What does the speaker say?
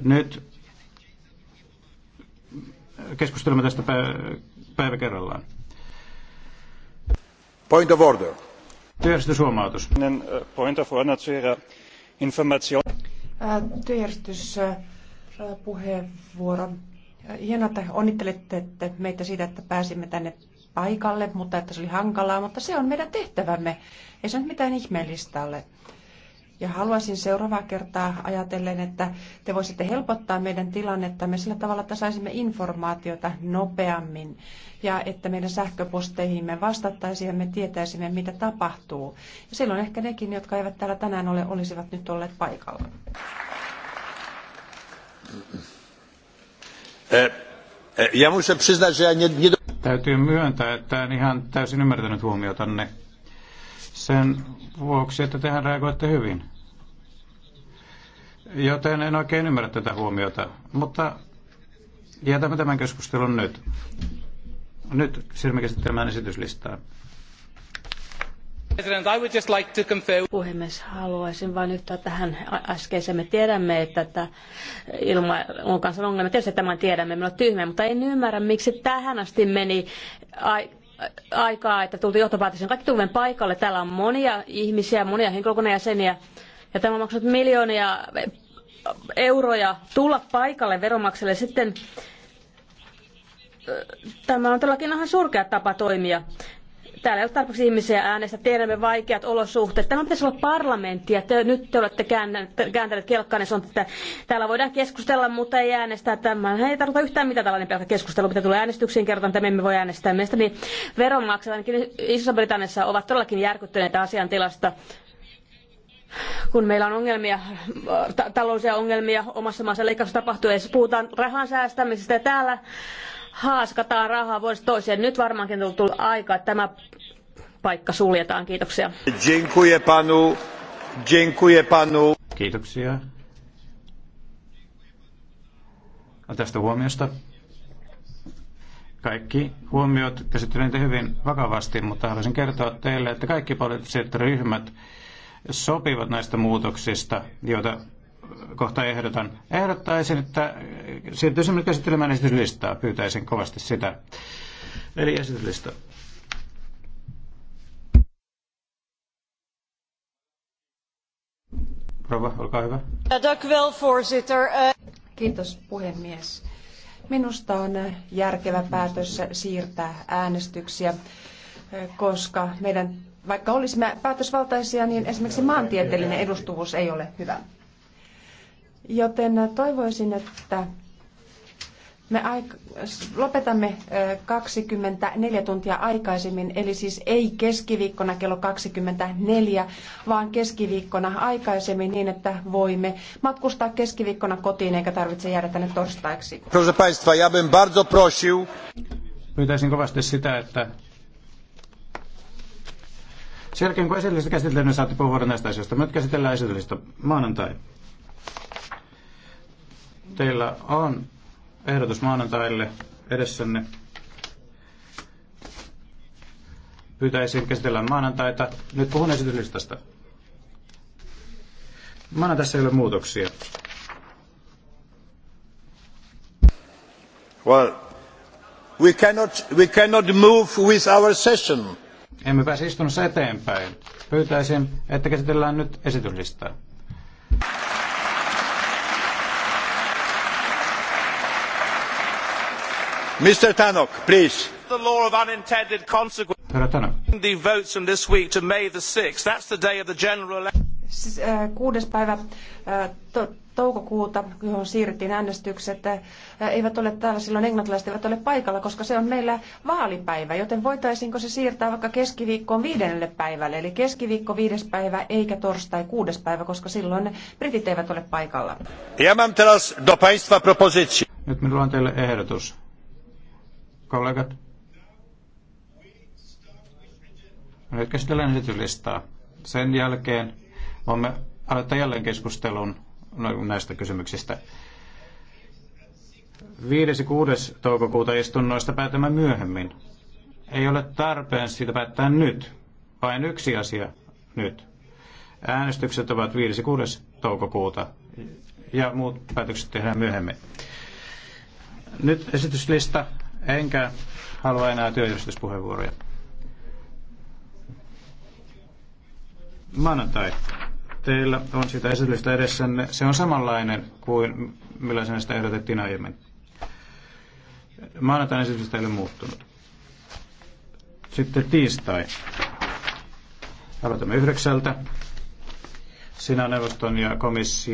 Nyt keskustelemme tästä päivä kerrallaan. Point of order. Työjärjestyshuomautus. Point of order zu siis, Ihrer Information. Työjärjestyspuheenvuoro. Hienoa, että onnittelette meitä siitä, että pääsimme tänne paikalle, mutta että se oli hankalaa, mutta se on meidän tehtävämme. Ei se nyt mitään ihmeellistä ole. Ja haluaisin seuraavaa kertaa ajatellen, että te voisitte helpottaa meidän tilannettamme sillä tavalla, että saisimme informaatiota nopeammin ja että meidän sähköposteihimme vastattaisiin ja me tietäisimme, mitä tapahtuu. Ja silloin ehkä nekin, jotka eivät täällä tänään ole, olisivat nyt olleet paikalla. Eh, eh, ja muista przyznać, Täytyy myöntää, että en ihan täysin ymmärtänyt huomiotanne sen vuoksi, että tehän reagoitte hyvin. Joten en oikein ymmärrä tätä huomiota, mutta jätämme tämän keskustelun nyt. Nyt siirrymme käsittelemään esityslistaa. Puhemies, haluaisin vain yhtyä tähän äskeiseen. Me tiedämme, että tämä ilma on kanssa ongelma. Tietysti tämän tiedämme, me tyhmä, tyhmiä, mutta en ymmärrä, miksi tähän asti meni ai- aikaa, että tultiin johtopäätöksen. Kaikki tulemme paikalle. Täällä on monia ihmisiä, monia henkilökunnan jäseniä. Ja tämä on maksanut miljoonia euroja tulla paikalle veromakselle sitten tämä on todellakin ihan surkea tapa toimia. Täällä ei ole tarpeeksi ihmisiä äänestä, tiedämme vaikeat olosuhteet. Tämä pitäisi olla parlamentti ja te, nyt te olette kääntäneet kelkkaan ja että täällä voidaan keskustella, mutta ei äänestää. Tämä ei tarkoita yhtään mitään tällainen pelkkä keskustelu, mitä tulee äänestyksiin, kerrotaan, että me emme voi äänestää. Mielestäni veronmaksajat ainakin Isossa-Britanniassa ovat todellakin järkyttyneitä asiantilasta kun meillä on ongelmia, taloudellisia ongelmia omassa maassa leikkaus tapahtuu, ja puhutaan rahan säästämisestä ja täällä haaskataan rahaa vuodesta toiseen. Nyt varmaankin on tullut aika, että tämä paikka suljetaan. Kiitoksia. Dziękuję panu. Dziękuję panu. Kiitoksia. No, tästä huomiosta. Kaikki huomiot käsittelen hyvin vakavasti, mutta haluaisin kertoa teille, että kaikki poliittiset ryhmät sopivat näistä muutoksista, joita kohta ehdotan. Ehdottaisin, että siirtyisimme käsittelemään esityslistaa. Pyytäisin kovasti sitä. Eli esityslista. Rova, olkaa hyvä. Eh, Kiitos puhemies. Minusta on järkevä päätös siirtää äänestyksiä koska meidän, vaikka olisimme päätösvaltaisia, niin esimerkiksi maantieteellinen edustuvuus ei ole hyvä. Joten toivoisin, että me lopetamme 24 tuntia aikaisemmin, eli siis ei keskiviikkona kello 24, vaan keskiviikkona aikaisemmin niin, että voimme matkustaa keskiviikkona kotiin eikä tarvitse jäädä tänne torstaiksi. Proszę Państwa, ja bym bardzo prosił... Pyytäisin kovasti sitä, että sen jälkeen kun esitellistä käsitellään, niin saatte puhua näistä asioista. Me nyt käsitellään esitellistä maanantai. Teillä on ehdotus maanantaille edessänne. Pyytäisin käsitellään maanantaita. Nyt puhun esityslistasta. Maanantaissa ei ole muutoksia. Well, we cannot, we cannot move with our session emme pääse istunnossa eteenpäin. Pyytäisin, että käsitellään nyt esityslistaa. Mr. Tanok, please. The law of unintended consequences. The votes from this week to May the 6th. That's the day of the general election. Siis, äh, kuudes päivä äh, toukokuuta, johon siirrettiin äänestykset, äh, eivät ole täällä silloin englantilaiset eivät ole paikalla, koska se on meillä vaalipäivä, joten voitaisiinko se siirtää vaikka keskiviikkoon viidennelle päivälle, eli keskiviikko viides päivä eikä torstai kuudes päivä, koska silloin britit eivät ole paikalla. Ja mam teraz do państwa Nyt minulla on teille ehdotus. Kollegat. Nyt käsitellään esityslistaa. Sen jälkeen Voimme aloittaa jälleen keskustelun no, näistä kysymyksistä. 5. 6. toukokuuta istunnoista päätämme myöhemmin. Ei ole tarpeen siitä päättää nyt. Vain yksi asia nyt. Äänestykset ovat 5. 6. toukokuuta ja muut päätökset tehdään myöhemmin. Nyt esityslista, enkä halua enää työjärjestyspuheenvuoroja. Maanantai. Teillä on sitä esitystä edessänne. Se on samanlainen kuin millaisena sitä ehdotettiin aiemmin. Maanantain esitystä ei ole muuttunut. Sitten tiistai. Aloitamme yhdeksältä. Sinä neuvoston ja komission